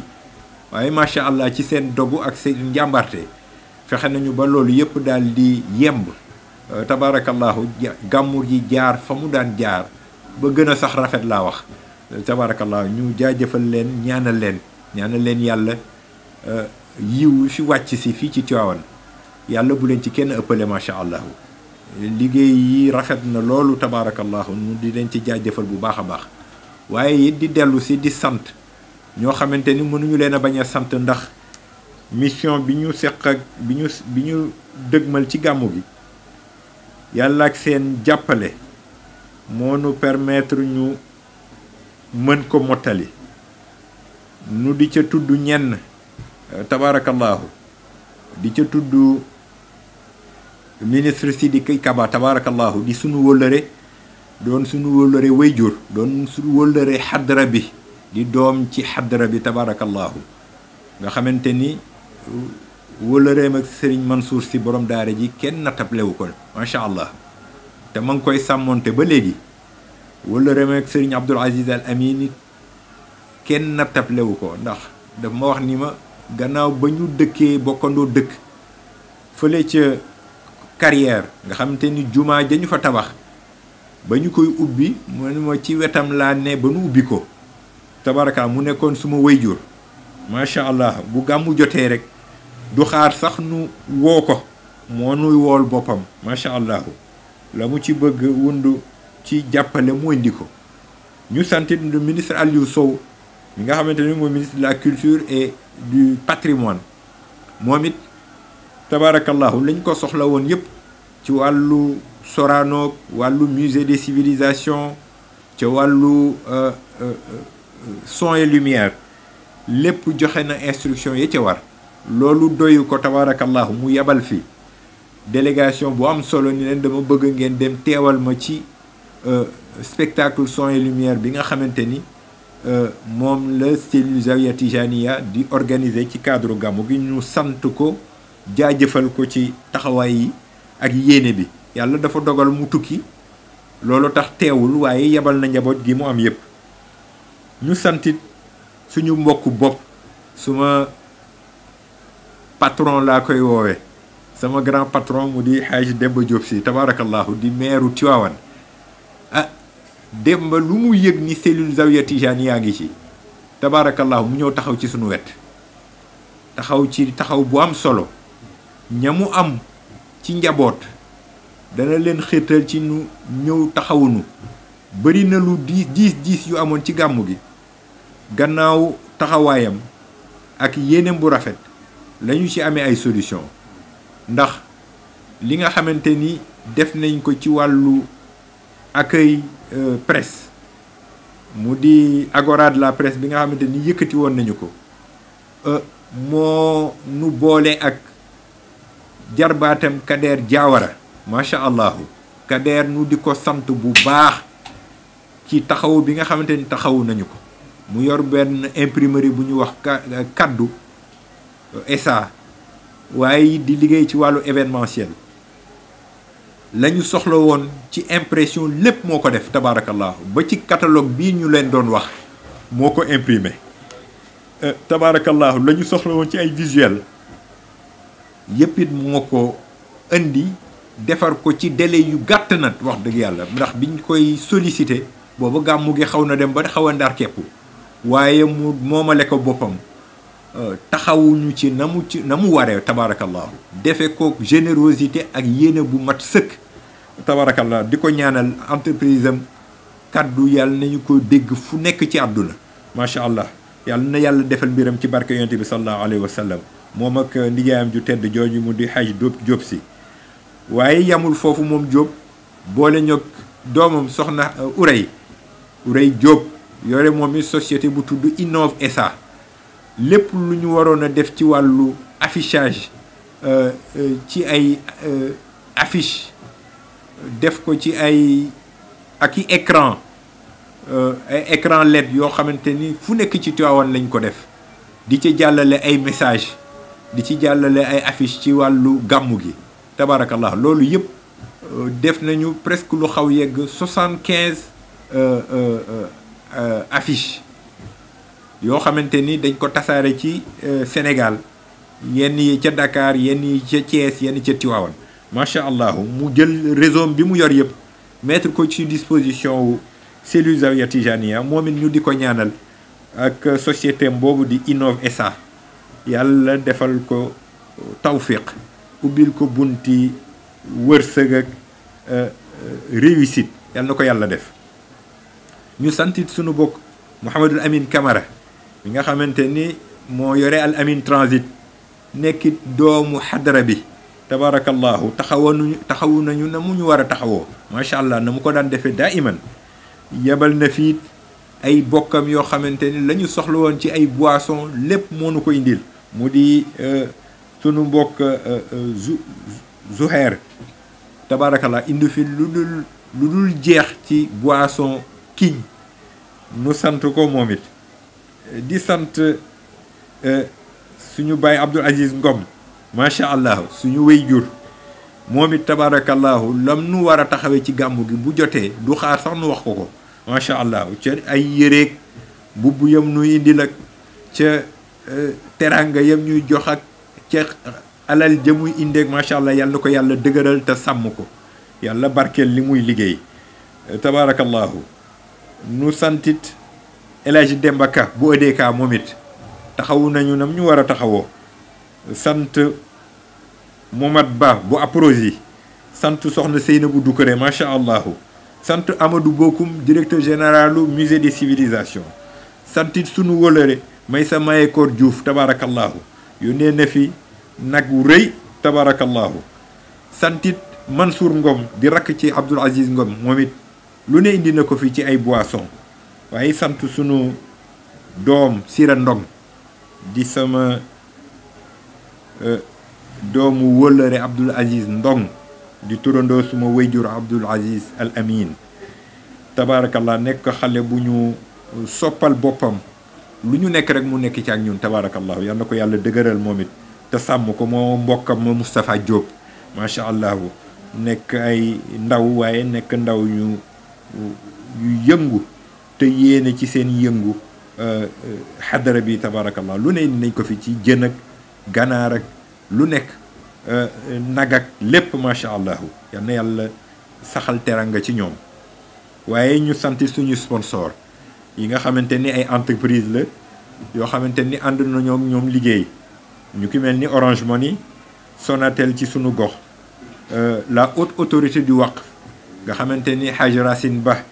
waaye macha allah ci seen dogu ak seen njàmbarte fexe nañu ba loolu yëpp daal di yemb euh, tabaarakallaahu gàmmur ji jaar fa mu daan jaar ba gën sax rafet laa wax euh, tabaarakallaahu ñu jaajëfal leen ñaanal leen ñaanal leen yàlla euh, yiw fi wàcc si fii ci Tiwaawan yàlla bu leen ci kenn ëppale macha allah liggéey yi rafet na loolu tabaarakallaahu ñu di leen ci jaajëfal bu baax a baax waaye it di dellu si di sant ñoo xamante ni mënuñu leen a bañ a sant ndax mission bi ñu seq ak bi ñu bi ñu dëgmal ci gàmmu gi yàlla ak seen jàppale moo nu permettre ñu mën ko mottali nu di ca tudd ñenn euh, tabaarakallaahu di ca tudd ministre Sidiki Kaba tabaarakallaahu di sunu wëllëre doon suñu wóllëre wayjur doon suñu wóllëre xadra bi di doom ci xadra bi tabaarakallaahu nga xamante ni wóllëreem ak sëriñ Mansour si borom daare ji kenn nattablewu ko macha allah te ma ngi koy sàmmoonte ba léegi wóllëreem ak sëriñ Abdul Aziz Al Amin it kenn nattablewu ko ndax daf ma wax ni ma gannaaw ba ñu dëkkee bokkandoo dëkk fële ca carrière nga xamante ni jumaa ja fa tabax ba ñu koy ubbi mu ne ma ci wetam laa ne ba nu ubbi ko tabaraka mu nekkoon suma wayjur macha allah bu gàmmu jotee rek du xaar sax nu woo ko moo nuy wool boppam macha allah la mu ci bëgg wundu ci jàppale mu indi ko ñu santi le ministre Aliou Sow mi nga xamante ni mooy ministre la culture et du patrimoine moom it tabarakallahu lañ ko soxla woon yépp ci wàllu Sorano wàllu musée des civilisations ca wàllu euh, euh, euh, son et lumière lépp joxe na instruction ya ca war loolu doyu ko tabarakallahu mu yabal fi délégation bu am solo ni leen dama bëgg ngeen dem teewal ma ci spectacle son et lumière bi nga xamante ni moom la cellule Zawiya Tijaniya di organiser ci cadre gàmmu gi ñu sant ko jaajëfal ko ci taxawaay yi ak yéene bi yàlla dafa dogal mu tukki loolu tax teewul waaye yebal na njaboot gi mu am yépp ñu santit suñu mbokk bopp suma patron laa koy woowe sama grand patron mu di xaaj Demba Diop si di meeru Tiwaawan ah Demba lu mu yëg ni cellule Zawiya yaa ngi ci tabaarakallaahu mu ñëw taxaw ci suñu wet taxaw ci taxaw bu am solo ña mu am ci njaboot dana leen xirtal ci ñu ñëw taxawunu bëri na lu diis diis diis yu amoon ci gàmmu gi gannaaw taxawaayam ak yéeneem bu rafet lañu ci amee ay solution ndax li nga xamante ni def nañ ko ci wàllu accueil euh, presse mu di agora la presse bi nga xamante ni yëkkati woon nañu ko euh, moo nu boole ak jarbaatam Kader Diawara macha allahu kadeer nu di ko sant bu baax ci taxaw bi nga xamante ni taxawu nañu ko mu yor benn imprimerie bu ñu wax kàddu euh, esa euh, waaye di liggéey ci wàllu événementiel la ñu soxla woon ci impression lépp moo ko def tabaarakallaahu ba ci catalogue bii ñu leen doon wax moo ko imprimé euh, tabaarakallaahu la ñu soxla woon ci ay visuel yépp it moo ko indi defar ko ci délai yu gàtt na wax dëgg yàlla ndax biñ koy sollicité booba gàmmu gi xaw na dem ba xaw a ndar waaye mu moomale ko boppam euh, taxawuñu ci na ci na mu waree tabarakallahu defe ko générosité ak yéene bu mat sëkk tabarakallah di ko ñaanal entreprise am kaddu yàlla nañu ko dégg fu nekk ci àdduna macha allah yàlla na yàlla defal mbiram ci barke yonte bi sallallahu alayhi wa moom ak euh, ndigaayam ju tedd jooju mu di xaj Jóob Jóob si waaye yamul foofu moom Diop boole ñoog doomam soxna euh, Urey Urey Diop yore moom it société bu tudd Innov SA lépp lu ñu waroon a def ci wàllu affichage euh, euh, ci ay affiche def ko ci ay ak i écran ay écran e yoo xamante ni fu nekk ci Tivaouane lañ ko def di ci jàllale ay message di ci jàllale ay affiche ci wàllu gàmmu gi tabaarakallah loolu yëpp euh, def nañu presque lu xaw yegg soixante quinze euh, euh, affiche yoo xamante ni dañ ko tasaare ci Sénégal yenn yi ca Dakar yenn yi ca Thiès yenn ca Tiwaawan macha allah mu jël résome bi mu yor yëpp mettre ko ci disposition wu cellule Zawiya Tijaniya moom it ñu di ko ñaanal ak société boobu di Innov SA yàlla defal ko tawfiq ubbil ko bunti wërsëg ak euh, euh, réussit yal na ko yàlla def ñu santit sunu bokk Mouhamadul Amin Camara mi nga xamante ni moo yore al amin transit nekkit doomu xadara bi tabarakallahu taxawanuñu taxawu nañu na mu ñu war a taxawoo macha allah na mu ko daan defee daa iman yebal na fiit ay bokkam yoo xamante ni la ñu soxla woon ci ay boisson lépp moo nu ko indil mu di euh, sunu mbokk euh, euh, zu Zuhair tabarakallah indi fi lu dul lu dul jeex ci boisson kiñ nu sant ko moom it di sant euh, suñu baay Abdul Aziz Ngom macha allah suñu wéy jur moom it tabarakallahu lam nu war a taxawee ci gàmmu gi bu jotee du xaar sax nu wax ko ko macha allah ca ay yëreeg mbubb yam nu indi la ca teranga yam ñuy jox ak ca alal jëmuy indeeg macha allah yàlla na ko yàlla dëgëral te sàmm ko yàlla barkeel li muy liggéey tabaarakallaahu nu santit El Hadji Demba Ka bu EDK moom it taxawu nañu nam ñu war a taxawoo sant Momad Ba bu Aprosi sant soxna bu Doucouré macha allah sant Amadou Bokoum directeur généralu musée des civilisations santit sunu wólëre may sa mayekoor Diouf tabaarakallaahu yónnee na fi nag wu rëy tabarakallahu santit Mansour Ngom di rakk ci Abdoul Aziz Ngom moom it lu ne indi na ko fi ci ay boisson waaye sant sunu doom Sira Ndong di sama euh, doomu wëllëre Abdoul Aziz Ndong di turandoo suma wéyjur Abdoul Aziz Al Amin tabarakallah nekk xale bu ñu soppal boppam lu ñu nekk rek mu nekk ci ak ñun tabaarakallahu yal na ko yàlla dëgëral moom it te sàmm ko moo mbokkam ma Moustapha Diop macha allah nekk ay ndaw waaye nekk ndaw ñu yëngu te yéene ci seen yëngu euh, euh, xadara bi tabaarakallah lu ne nañ ko fi ci jën ak ganaar ak lu nekk euh, nag ak lépp macha allah yal yàlla saxal teranga ci ñoom waaye ñu sant suñu sponsor yi nga xamante ni ay entreprise la yoo xamante ni ànd na ñoom ñoom liggéey ñu ki mel ni orangement ni Sonatel ci suñu gox euh, la haute autorité du wax nga xamante ni Haj Racine Ba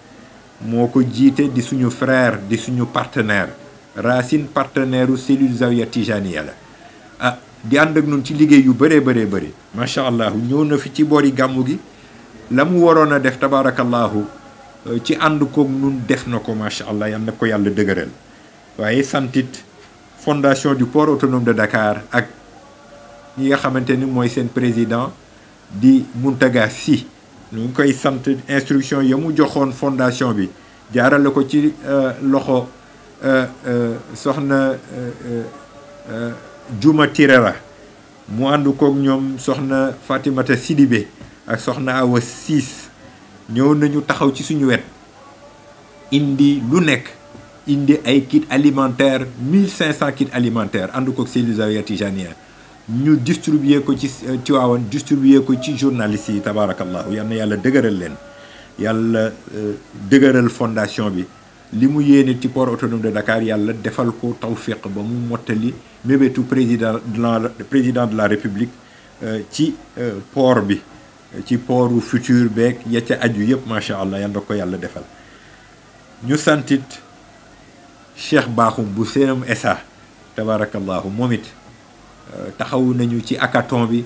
moo ko jiite di suñu frère di suñu partenaire Racine partenaire u cellule Zawiya Tijaniya la ah di ànd ak ñun ci liggéey yu bëree bëree bëri macha allah ñëw na fi ci boori gàmmu gi la mu waroon a def tabaarakallaahu Euh, ci ànd koog nun def na ko macha allah yal na ko yàlla dëgëral waaye santit fondation du port autonome de Dakar ak ñi nga xamante ni mooy seen président di Mountaga si ñu ngi koy sant instruction ya mu joxoon fondation bi jaarale ko ci euh, loxo euh, soxna Juma Tirera mu ànd koog ñoom soxna Fatimata Sidibé ak soxna Awa Siis ñëw nañu taxaw ci suñu wet indi lu nekk indi ay kit alimentaire 1500 kit alimentaire ànd ko Seydou Zawiya Tijaniyya ñu distribuer ko ci ci euh, Tiwaawan distribuer ko ci journalistes yi tabaarakallaahu yal na yàlla dëgëral leen yàlla euh, dëgëral fondation bi li mu yéene ci port autonome de Dakar yàlla defal ko tawfiq ba mu mottali mébétu président de la président de la république euh, ci port bi ci pooru futur beeg ya ca aju yëpp macha allah yal ko yàlla defal ñu santit cheikh baaxum bu seenam esa tabaarakallaahu moom it euh, taxawu nañu ci akaton bi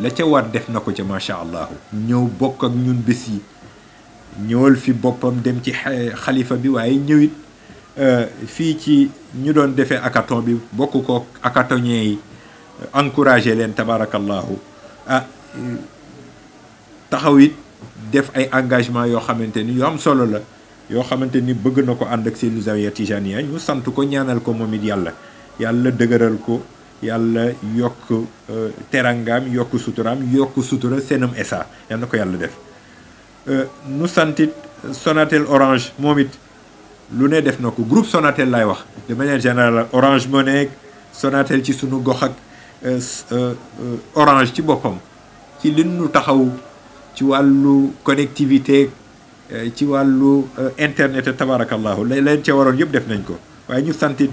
la ca war def na ko ca macha allah. ñëw bokk ak ñun bés yi ñëwal fi boppam dem ci xalifa bi waaye ñëwit euh, fii ci ñu doon defee akaton bi bokk ko akatonier yi encouragé leen tabaarakallaahu ah, taxaw it def ay engagement yoo xamante ni yoo am solo la yoo xamante ni bëgg na ko ànd ak Seydou Zawiya Tijaniya ñu sant ko ñaanal ko moom it yàlla yàlla dëgëral ko yàlla yokk euh, terangaam yokk suturaam yokk sutura seenam esa yal na ko yàlla def euh, nu santit Sonatel Orange moom it lu ne def na ko groupe Sonatel laay wax de manière générale Orange Money Sonatel ci sunu gox ak euh, Orange ci boppam ci li nu taxaw ci wàllu connectivité eh, ci wàllu eh, internet tabarakallahu la leen ca waroon yëpp def nañ ko waaye ñu santit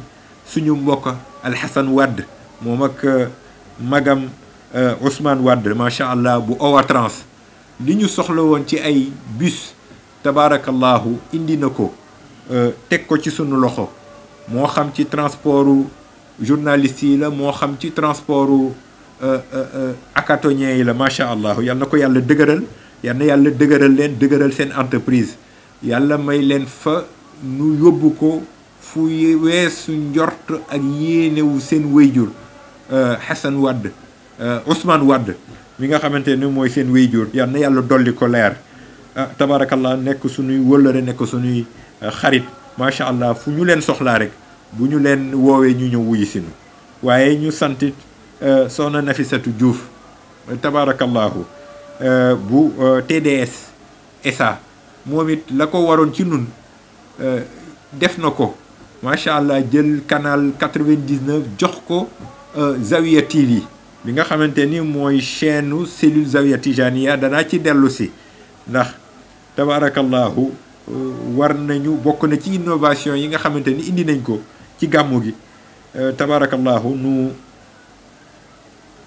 suñu mbokk alxasan wadd moom ak eh, magam Ousmane Wadd macha allah bu owa trans li ñu soxla woon ci ay bus tabarakallahu indi na ko teg ko ci sunu loxo moo xam ci transportu journaliste yi la moo xam ci transportu hackathoniens euh, euh, euh, yi la macha allah yal na ko yàlla dëgëral yal na yàlla dëgëral leen dëgëral seen entreprise yàlla may leen fa nu yóbbu ko fu weesu njort ak yéenewu seen wéyjur Hassan Wade Ousmane Wade mi nga xamante ne mooy seen wéyjur yal na yàlla dolli ko leer ah tabarakallah nekk suñuy wëllëre nekk suñuy xarit macha allah fu ñu leen soxlaa rek bu ñu leen woowee ñu ñëw wuyu waaye ñu santit Euh, soxna Nafisatu Diouf tabaarakallaahu euh, bu euh, TDS SA moom it la ko waroon ci nun def na ko macha allah jël canal 99 jox ko Zawiya TV bi nga xamante ni mooy chaîne u cellule Zawiya Tijaniya danaa ci dellu si ndax tabaarakallaahu war nañu bokk na ci innovation yi nga xamante ni indi nañ ko ci gàmmu gi tabaarakallaahu nu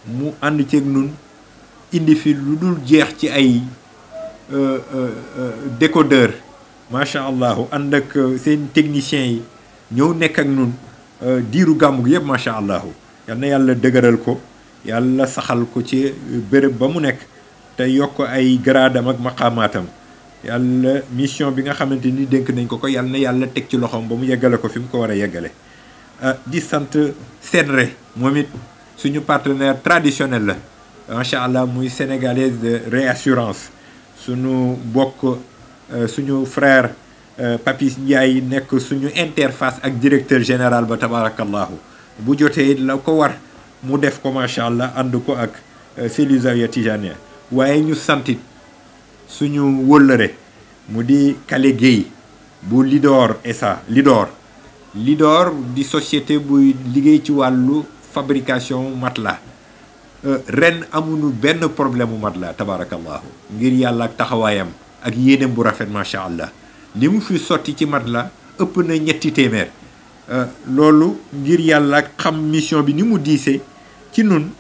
mu ànd ceeg nun indi fi lu dul jeex ci ay euh, euh, euh, décodeur macha allah ànd ak seen techniciens yi ñëw nekk ak nun diiru gàmmu gi yëpp macha allah yal na yàlla dëgëral ko yàlla saxal ko ci béréb ba mu nekk te yokk ay garaadam ak maqaamaatam yàlla mission bi nga xamante ni dénk nañ ko ko yal na yàlla teg ci loxoom ba mu yeggale ko fi mu ko war a yeggale di sant Senre moom it suñu partenaire traditionnel la macha allah muy sénégalaise de réassurance suñu bokk euh, suñu frère euh, Papis Ndiaye nekk suñu interface ak directeur général ba tabarakallahu bu jotee la ko war mu def ko macha allah ànd ko ak euh, Cellou Zawiya Tijaniya waaye ñu santit suñu wëllëre mu di Kale Gueye bu Lidor SA Lidor Lidor di société buy liggéey ci wàllu fabrication matelas euh, ren amuñu benn problème mu matelas tabaarakallaahu ngir yàlla ak taxawaayam ak yéeneem bu rafet macha allah li mu fi sotti ci matelas ëpp na ñetti téeméer euh, loolu ngir yàlla ak xam mission bi ni mu diisee ci nun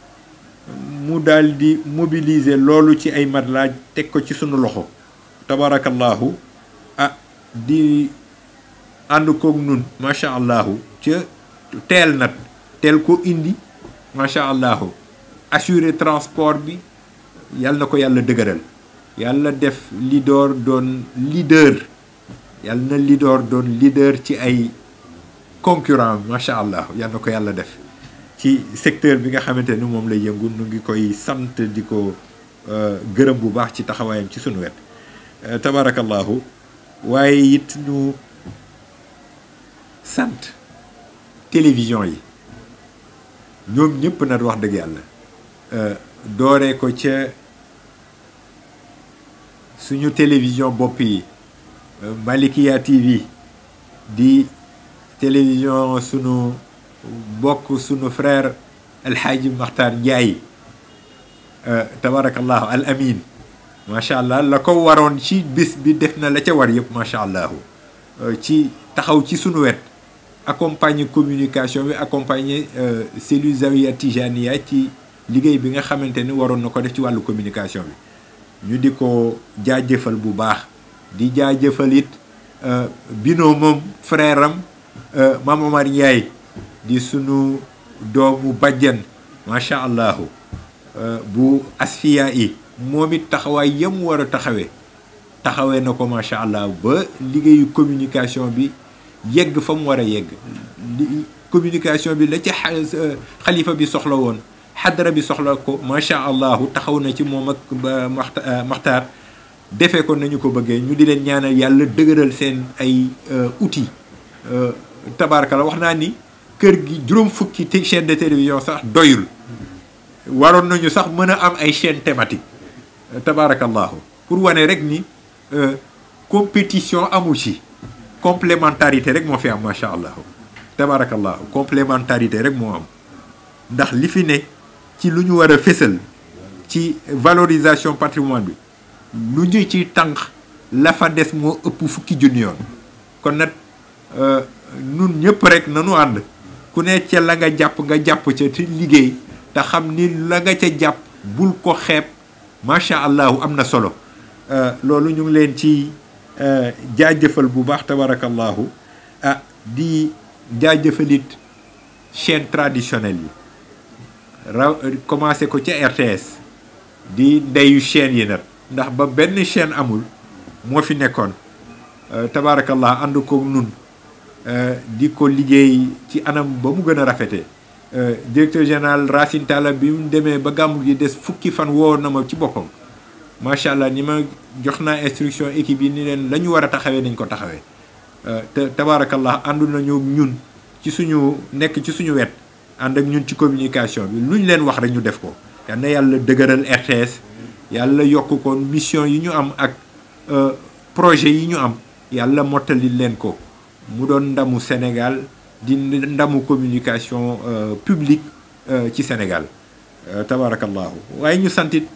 mu daal di mobiliser loolu ci ay matelas teg ko ci sunu loxo tabaarakallaahu ah di ànd kook nun macha allahu ca teel nag tel ko indi macha allahu assuré transport bi yàlla na ko yàlla dëgëral yàlla def leader doon leader yàlla na leader doon leader ci ay concurrent macha allah yàlla na ko yàlla def ci secteur bi nga xamante ni moom lay yëngu nu ngi koy sant di ko euh, gërëm bu baax ci taxawaayam ci sunu wet euh, tabarakallahu waaye it ñu sant télévision yi ñoom ñëpp nag wax dëgg yàlla euh, dooree ko ca suñu télévision bopp yi euh, Malikia yi di télévision suñu bokk sunu frère alxaaji Maxtaar Njaay euh, tabarakallahu al amin macha allah la ko waroon ci bis bi def na la ca war yëpp macha allahu ci taxaw ci suñu wet accompagner communication bi accompagner euh, cellule Zawiya Tijaniya ci liggéey bi nga xamante ni waroon na ko def ci wàllu communication bi ñu di ko jaajëfal bu baax di jaajëfal it euh, binoo moom frère am euh, Mame Omar Ndiaye di sunu doomu bajjan macha allah bu asfiya i moom it taxawaay yam war a taxawee taxawee na ko macha allah ba liggéeyu communication bi yegg fa mu war a yegg communication bi la ci xalifa bi soxla woon xadara bi soxla ko macha allahu taxaw na ci moom ak euh, maxtaar defee ko nañu ko bëggee ñu di leen ñaanal yàlla dëgëral seen ay euh, outils euh, tabaraka la wax naa ni kër gi juróom fukki chaîne de télévision sax doyul waroon nañu sax mën a am ay chaine thématique tabarakallahu pour wane rek ni compétition amul ci complémentarité rek moo fi am macha allah tabarakallah complémentarité rek moo am ndax li fi ne ci lu ñu war a fésal ci valorisation patrimoine bi lu ñu ci tànk la fa des moo ëpp fukki junni yoon kon nag nun euh, ñëpp rek nanu ànd ku ne ca la nga jàpp nga jàpp ca te liggéey te xam ni la nga ca jàpp bul ko xeeb macha allah am na solo euh, loolu ñu leen ci Eh, jaajëfal bu baax tabarakallahu ah di jaajëfalit chaîne traditionnelle yi raw eh, commencé ko ca RTS di ndeyu chaîne yi ndax ba benn chaîne amul moo fi nekkoon eh, tabarakallah ànd ko nun di ko liggéey ci anam ba mu gën a rafetee directeur général Racine Talla bi mu demee ba gàmmu gi des fukki fan woo na ma ci boppam macha allah ni ma jox naa instruction équipe yi ni leen la ñu war a taxawee nañ ko taxawee euh, te tabaarakallah àndul nañu ñun ci suñu nekk ci suñu wet ànd ak ñun ci communication bi lu ñu leen wax rek ñu def ko. yal yàlla dëgëral RTS yàlla yokk ko mission yi ñu am ak euh, projet yi ñu am yàlla mottali leen ko mu doon ndamu Sénégal di ndamu communication euh, publique ci Sénégal tabaarakallahu waaye ñu santit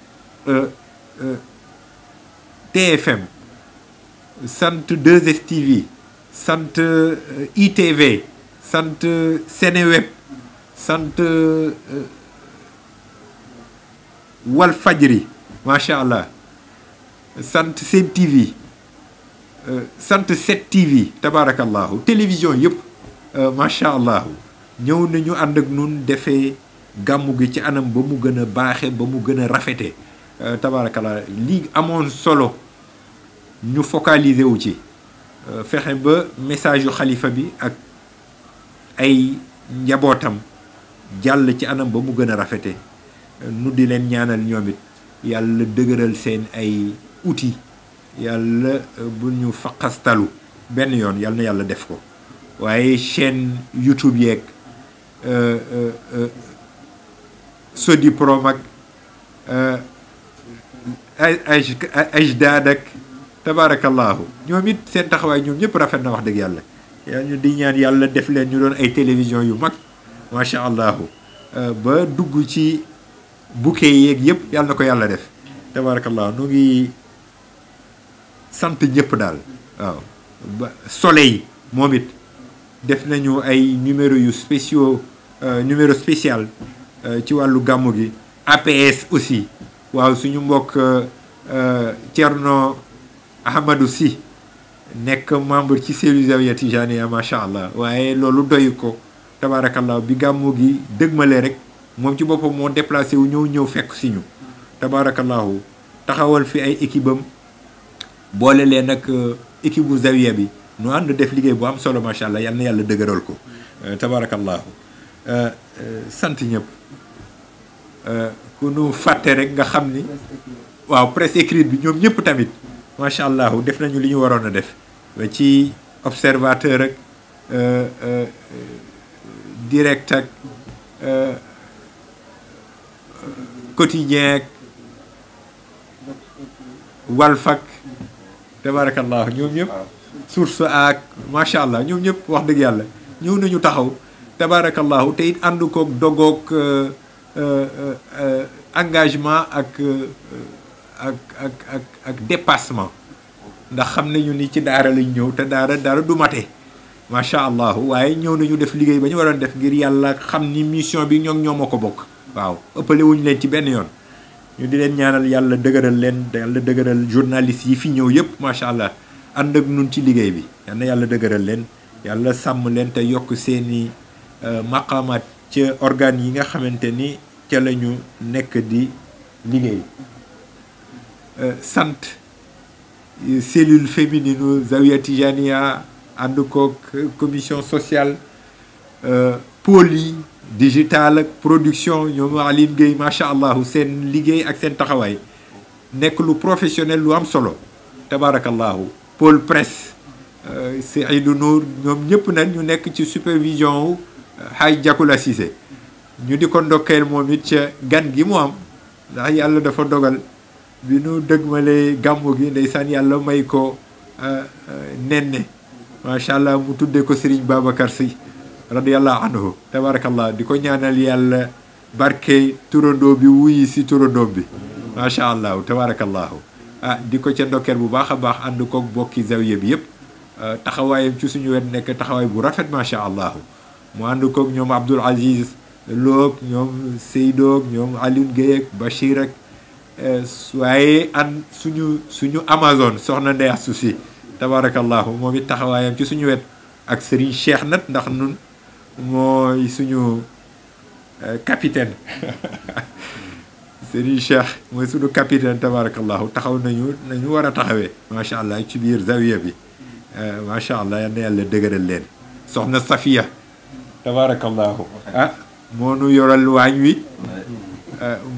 Euh, TFM sant 2STV sant euh, ITV sant euh, Seneweb sant Walfadjri macha allah sant Sen TV sant 7TV tabarakallahu télévision yëpp macha allah ñëw nañu ànd ak nun defee gàmmu gi ci anam ba mu gën a baaxe ba mu gën a rafete Euh, tabaarakala lii amoon solo ñu focaliser wu ci euh, fexe ba message yu xalifa bi ak ay njabootam jàll ci anam ba mu gën a rafete euh, nu di leen ñaanal ñoom it yàlla dëgëral seen ay outils yàlla bu ñu faqastalu benn yoon yàlla yàlla def ko waaye chaîne YouTube yeeg Sodi Prom ak ay ay ajdaad ak tabaarakallaahu ñoom it seen taxawaay ñoom ñëpp rafet na wax dëgg yàlla yaa ñu di ñaan yàlla def leen ñu doon ay télévision yu mag macha allah euh, ba dugg ci bouquet yeeg yëpp yàlla na ko yàlla def tabaarakallaahu nu ngi sant ñëpp daal waaw ba soleil moom it def nañu ay numéro yu spéciaux euh, numéro spécial euh, ci wàllu gàmmu gi APS aussi waaw suñu mbokk euh, euh, Thierno Ahmadou si nekk membre ci cellule Zawiya Tijaniya macha allah waaye loolu doy ko tabaarakallah bi gàmmoo gi dëgmale rek moom ci boppam moo déplacé wu ñëw ñëw fekk siñu ñu taxawal fi ay équipe am boole leen ak euh, équipe bu Zawiya bi nu ànd def liggéey bu am solo macha allah yàlla dëgëral ko tabaarakallahu sant ñëpp. ku nu fàtte rek nga xam ni waaw presse écrite bi ñoom ñëpp tamit macha allah def nañu li ñu waroon a def ba ci observateur ak euh, euh, direct ak euh, quotidien ak walf ak tabarakallah ñoom ñëpp source ak macha allah ñoom ñëpp wax dëgg yàlla ñëw nañu taxaw tabarakallahu te ànd koog dogoog Euh, euh, euh, engagement ak ak ak ak ak dépassement ndax xam nañu ni ci daara lañ ñëw te daara daara du mate macha allah waaye ñëw nañu def liggéey ba ñu waroon def ngir yàlla xam ni mission bi ñoom ñoo ma ko bokk. waaw ëppalewuñ leen ci benn yoon ñu di leen ñaanal yàlla dëgëral leen yàlla dëgëral journaliste yi fi ñëw yëpp macha allah ànd ak nun ci liggéey bi yàlla dëgëral leen yàlla sàmm leen te yokk seeni maqaamaat ca organes yi nga xamante ni. ca la ñu nekk di liggéey euh, sant euh, cellule féminine Zawiya Tijaniya ànd koog euh, commission sociale pôle yi digital ak production ñoom Aline Gueye macha allah seen liggéey ak seen taxawaay nekk lu professionnel lu am solo tabarakallahu pôle presse Seydou Nour ñoom ñëpp nag ñu nekk ci supervision wu Haï Diakoula ñu di ko ndokkeel moom it ca gan gi mu am ndax yàlla dafa dogal bi nu dëgmalee gàmmu gi ndeysaan yàlla may ko euh, euh, nenne macha allah mu tuddee ko Serigne Babacar Sy radiyallahu anhu tabarakallah di ko ñaanal yàlla barke turandoo bi wuyi si turandoom bi macha allah tabarakallahu ah di ko ca ndokkeel bu baax a baax ànd kook bokki zawiya bi yëpp euh, taxawaayam ci suñu wet nekk taxawaay bu rafet macha allah mu ànd koog ñoom Abdoul Aziz Loog ñoom Seydou ñoom Alioune Guèye ak Bachir eh, waaye an suñu suñu Amazon soxna Ndeye Astou Sy tabarakallahu moom it taxawaayam ci suñu wet ak Serigne Cheikh nag ndax nun mooy suñu eh, capitaine Serigne Cheikh mooy suñu capitaine tabarakallahu taxaw nañu nañu war a taxawee macha allah ci biir zawiya bi eh, macha allah yal na yàlla dëgëral leen soxna Safiya tabarakallahu ah, moo nu yoral waañ wi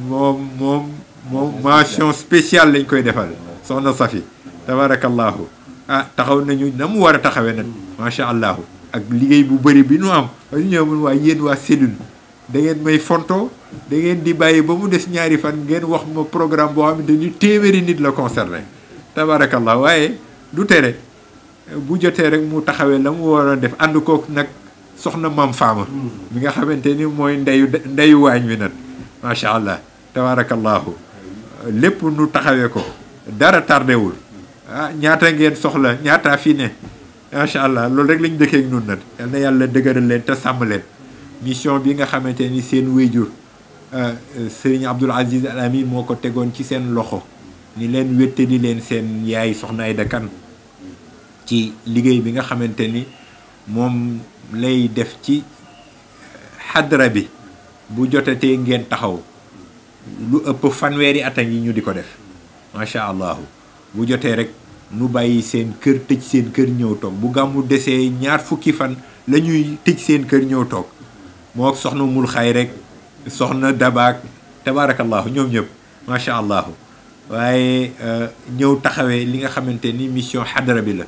moom moom moom mention spéciale lañ koy defal soxna Safi tabarakallahu ah taxaw nañu na mu war a taxawee nag macha allahu ak liggéey bu bëri bi nu am dañu ñëw mun waa yéen waa cellule da ngeen may fonto da ngeen di bàyyi ba mu des ñaari fan ngeen wax ma programme boo xamante ni téeméeri nit la concerné tabarakallah waaye du tere bu jotee rek mu taxawee na mu war a def ànd kook nag soxna maam faama mi nga xamante ni mooy ndeyu ndeyu waañ wi nan macha allah tabaarakallaahu lépp nu taxawee ko dara tardewul ah ñaata ngeen soxla ñaata fii ne macha allah loolu rek lañ dëkkee ak nun nan yal na yàlla dëgëral leen te sàmm leen mission bi nga xamante ni seen wéyjur ah, sëriñ Abdul Aziz Al Amin moo ko tegoon ci seen loxo ni leen wéttali leen seen yaay soxna Aida Kane ci liggéey bi nga xamante ni moom lay def ci eh, xadra bi bu jotatee ngeen taxaw lu ëpp fanweeri at yi ñu di ko def macha allahu bu jotee rek nu bàyyi seen kër tëj seen kër ñëw toog bu gàmmu desee ñaar fukki fan lañuy ñuy tëj seen kër ñëw toog moo soxna mul xay rek soxna dabaak tabaarakallahu ñoom ñëpp macha allahu waaye eh, ñëw taxawee li nga xamante ni mission xadara bi la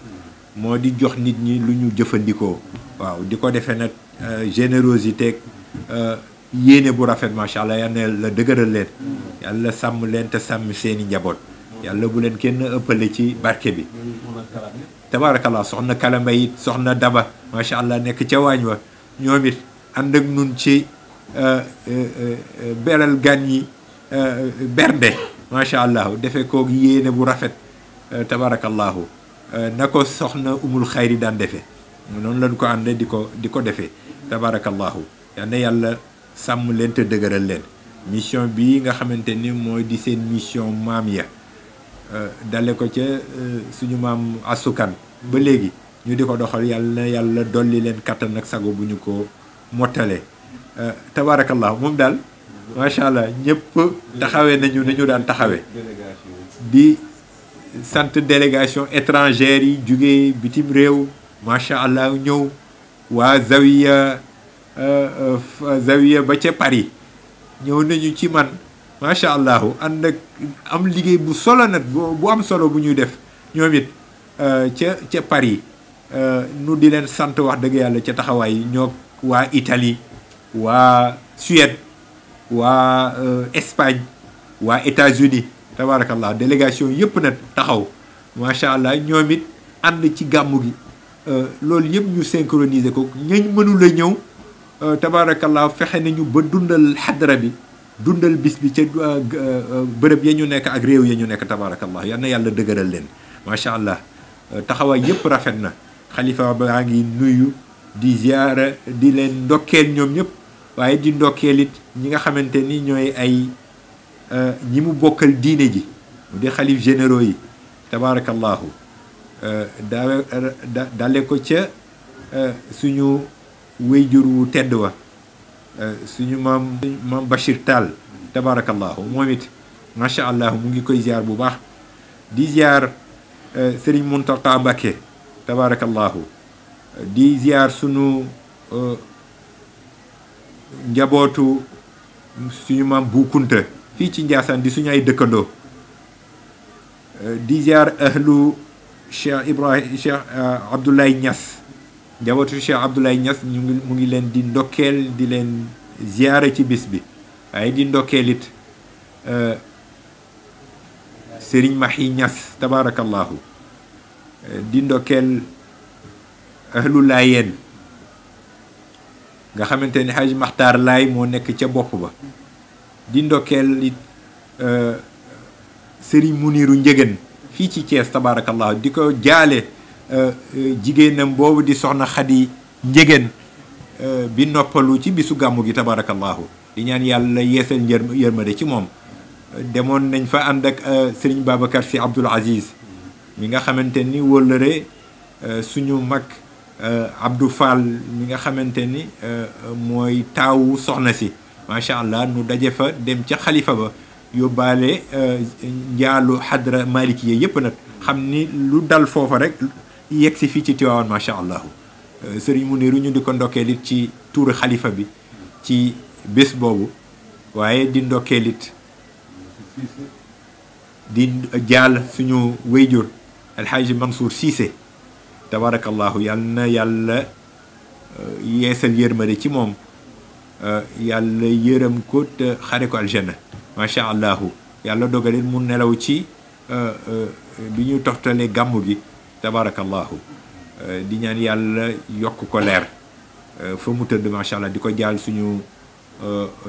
moo di jox nit ñi lu ñu jëfandikoo waaw di ko defee nag euh, générosité euh, yéene bu rafet macha allah yal na la dëgëral leen yàlla sàmm leen te sàmm seeni njaboot yàlla bu leen kenn ëppale ci barke bi tabarakallah soxna kalamba it soxna daba macha allah nekk ca waañ wa ñoom it ànd ak nun ci euh, beral gan yi bernde macha allah defe koog yéene bu rafet tabarakallahu Euh, na ko soxna umul xayri daan defee noonu lañ ko àndee di ko di ko defee tabarakallahu yàlla sàmm leen te dëgëral leen mission bi nga xamante ni mooy di seen mission maam ya euh, dale ko ca euh, suñu maam asukan ba léegi ñu di ko doxal yàlla na yàlla dolli leen kattan ak sago bu ñu ko mottalee tabarakallahu moom daal macha allah ñëpp taxawee nañu nañu daan taxawee di sant délégation étrangère yi jugee bitim réew macha allah ñëw waa zawiya euh, euh, zawiya ba ca Paris ñëw nañu ci man macha allah ànd ak am liggéey bu solo nag bu am solo bu ñuy def ñoom it euh, ca ca Paris nu di leen sant wax dëgg yàlla ca taxawaay yi waa Italie waa Suède waa Espagne waa États-Unis tabaarakallaa délégation yëpp na taxaw macha allah ñoom it ànd ci gàmmu gi euh, loolu yëpp ñu synchroniser ko ñañ mënula ñëw euh, tabaarakallaa fexe nañu ba dundal xadra bi dundal bis bi ca euh, bërëb ya ñu nekk ak réew ya ñu nekk tabaarakallaa yal na yàlla dëgëral leen macha allah taxawaay yëpp rafet na xalifa baa ngi nuyu di ziyaara di leen ndokkeel ñoom ñëpp waaye di ndokkeel it ñi nga xamante ni ñooy ay ñi mu bokkal diine ji mu di xalif généraux yi tabaarakallaahu euh, daa dale ko ca euh, suñu wéyjur wu tedd wa euh, suñu maam maam Bachir Tall tabaarakallaahu moom it macha allah mu ngi koy ziar bu baax di ziar Serigne Mountakha Mbacké di ziar sunu njabootu suñu maam Bu fii ci Ndiassane di suñu ay dëkkandoo euh, di ziar ahlu Cheikh Ibrahim Cheikh euh, Abdoulaye Niass njabootu Cheikh Abdoulaye Niass mu ngi leen di ndokkeel di leen ziare ci bis bi waaye di ndokkeel it euh, Serigne Mahi Niass tabaarakallahu di ndokkeel ahlu Laayeen nga xamante ni Haj Maxtaar Laay moo nekk ca bopp ba di ndokkeel it mu niiru Njëgën fii ci Thiès tabaarakallahu di ko jaale euh, euh, jigéenam boobu di soxna Xadi Njëgën euh, bi noppalu ci bisu gàmmu gi tabaarakallahu di ñaan yàlla yeesal yërmande ci moom demoon nañ fa ànd ak Serigne Babacar si Abdoul Aziz mi nga xamante ni wóllëre suñu mag abdu Fall mi nga xamante ni mooy taawu soxna si macha allah nu daje fa dem ca xalifa ba yóbbaale euh, njaalu xadra maliki yëpp nag xam ni lu dal foofa rek yegg si fii ci Tiwaawan macha allah euh, sëriñ Muniru ñu di ko ndokkeel it ci tuuru xalifa bi ci bés boobu waaye di ndokkeel it di jaal suñu wéyjur alxaaji Mansour Cissé tabarakallahu yàlla na yàlla euh, yeesal yërmande ci moom Euh, yàlla yërëm ko te xare ko aljanna macha allahu yàlla dogalit mu nelaw ci euh, euh, bi ñu toxtalee gàmm bi tabarakallahu di ñaan yàlla yokk ko leer fa mu tëdd macha allah di ko jaal suñu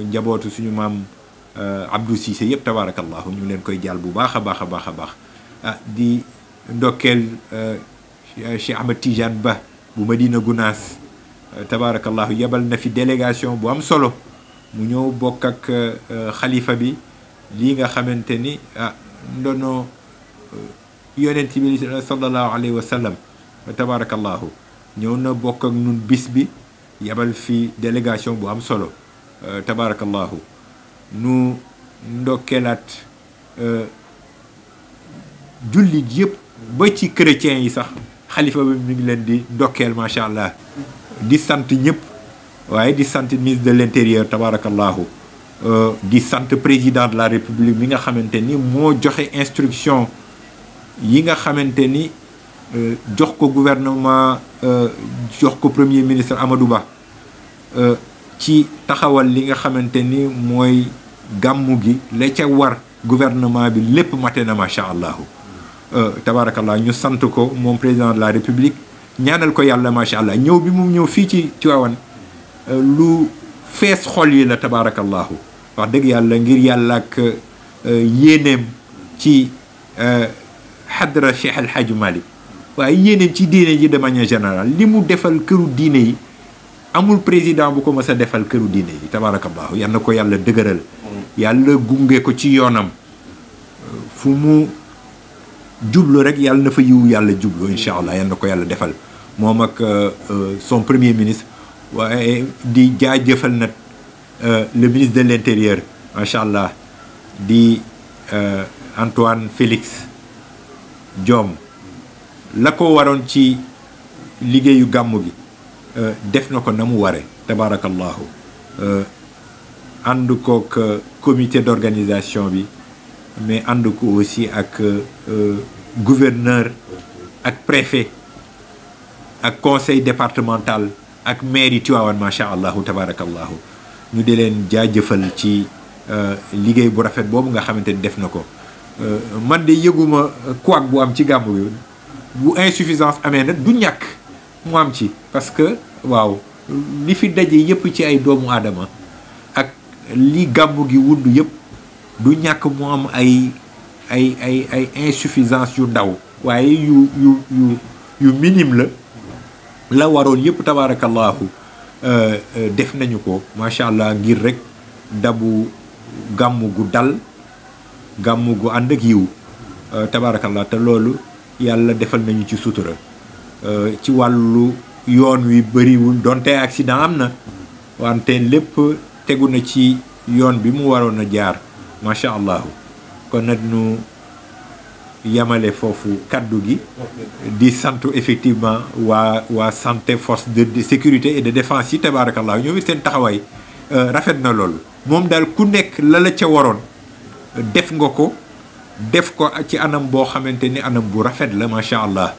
njabootu suñu maam Abdou Cissé yëpp tabarakallahu ñu leen koy jaal bu baax a baax a baax a baax ah di ndokkeel Cheikh Ahmed Tidiane Ba bu Madina Gunaas Euh, tabaarakallahu yebal na fi délégation bu am solo mu ñëw bokk ak euh, euh, xalifa bi lii nga xamante ni ah ndono yonent bi sallallahu alayhi wa sallam tabaarakallahu ñëw na bokk ak nun bis bi yebal fi délégation bu am solo tabaarakallahu nu ndokkeelaat jullit yëpp ba ci chrétiens yi sax xalifa bi mu ngi leen di ndokkeel macha allah di sant ñëpp waaye di sant ministre de l'intérieur tabaarakallaahu euh, di sant président de la république mi nga xamante ni moo joxe instruction yi nga xamante ni euh, jox ko gouvernement euh, jox ko premier ministre Amadou Ba ci taxawal li nga xamante ni mooy gàmmu gi la ca war gouvernement bi lépp mate na macha allahu tabarakallah ñu sant ko moom président de la république ñaanal ko yàlla macha allah ñëw bi mu ñëw fii ci Tiwaawan euh, lu fees xol yi la tabaarakallaahu wax dëgg yàlla ngir yàllaak ak euh, yéeneem ci euh, xadra Cheikh El Hadj Malick waaye yéeneem ci diine ji de manière li mu defal këru diine yi amul président bu ko mës a defal këru diine yi tabaarakallaahu yal na ko yàlla dëgëral yàlla gunge ko ci yoonam fu mu jublu rek yàlla na fa yiw yàlla jublu incha allah yal na ko yàlla defal moom ak euh, euh, son premier ministre waaye di jaajëfal nag euh, le ministre de l'intérieur macha allah di Antoine Félix Diome la ko waroon ci liggéeyu gàmmu gi def na ko na mu ware tabaarakallaahu ànd kook comité d'organisation bi mais ànd ko aussi ak euh, euh, gouverneur ak préfet ak conseil départemental ak maire yi Tivaouane macha allahu tabarakallahu ñu di leen jaajëfal ci euh, liggéey bu rafet boobu nga xamante ni def na ko man de yëguma couac bu am ci gàmmu gi bu insuffisance amee nag du ñàkk mu am ci parce que waaw li fi dajee yëpp ci ay doomu aadama ak li gàmmu gi wund yëpp du ñàkk mu am ay ay ay ay insuffisance yu ndaw waaye yu yu yu yu minime la la waroon yëpp tabaarakallaahu euh, euh, def nañu ko macha allah ngir rek dabu gàmm gu dal gàmm gu ànd ak yiw euh, tabaarakallah te loolu yàlla defal nañu ci sutura ci wàllu yoon wi bëriwul donte accident am na wante lépp tegu na ci yoon bi mu waroon a jaar macha allah kon nag nu yamale foofu kàddu gi di sant effectivement waa waa santé force de de sécurité et de défense yi tabaarakallah ñoom it seen taxawaay euh, rafet na loolu moom daal ku nekk la la ca waroon def nga ko def ko ci anam boo xamante ni anam bu rafet la macha allah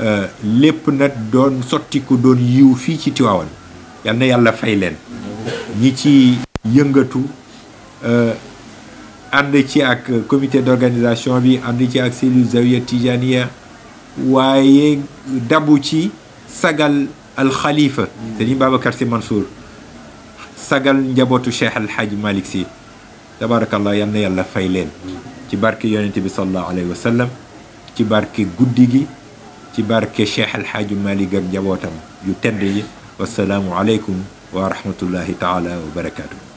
euh, lépp nag doon sottiku doon yiw fii ci Tiwaawan yal na yàlla fay leen ñi ci yëngatu euh, ànd ci ak comité d'organisation bi ànd ci ak cellule zawiya tijaniya waaye dabu ci sagal alxalifa Serigne Babacar Sy Mansour sagal njabootu Cheikh Alhaji malik si tabarakallah yal yàlla fay leen ci barke yonente bi sallallahu alayhi wa ci barke guddi gi ci barke Cheikh Alhaji malik ak njabootam yu tedd yi wasalaamu aleykum wa rahmatullahi wa barakatuh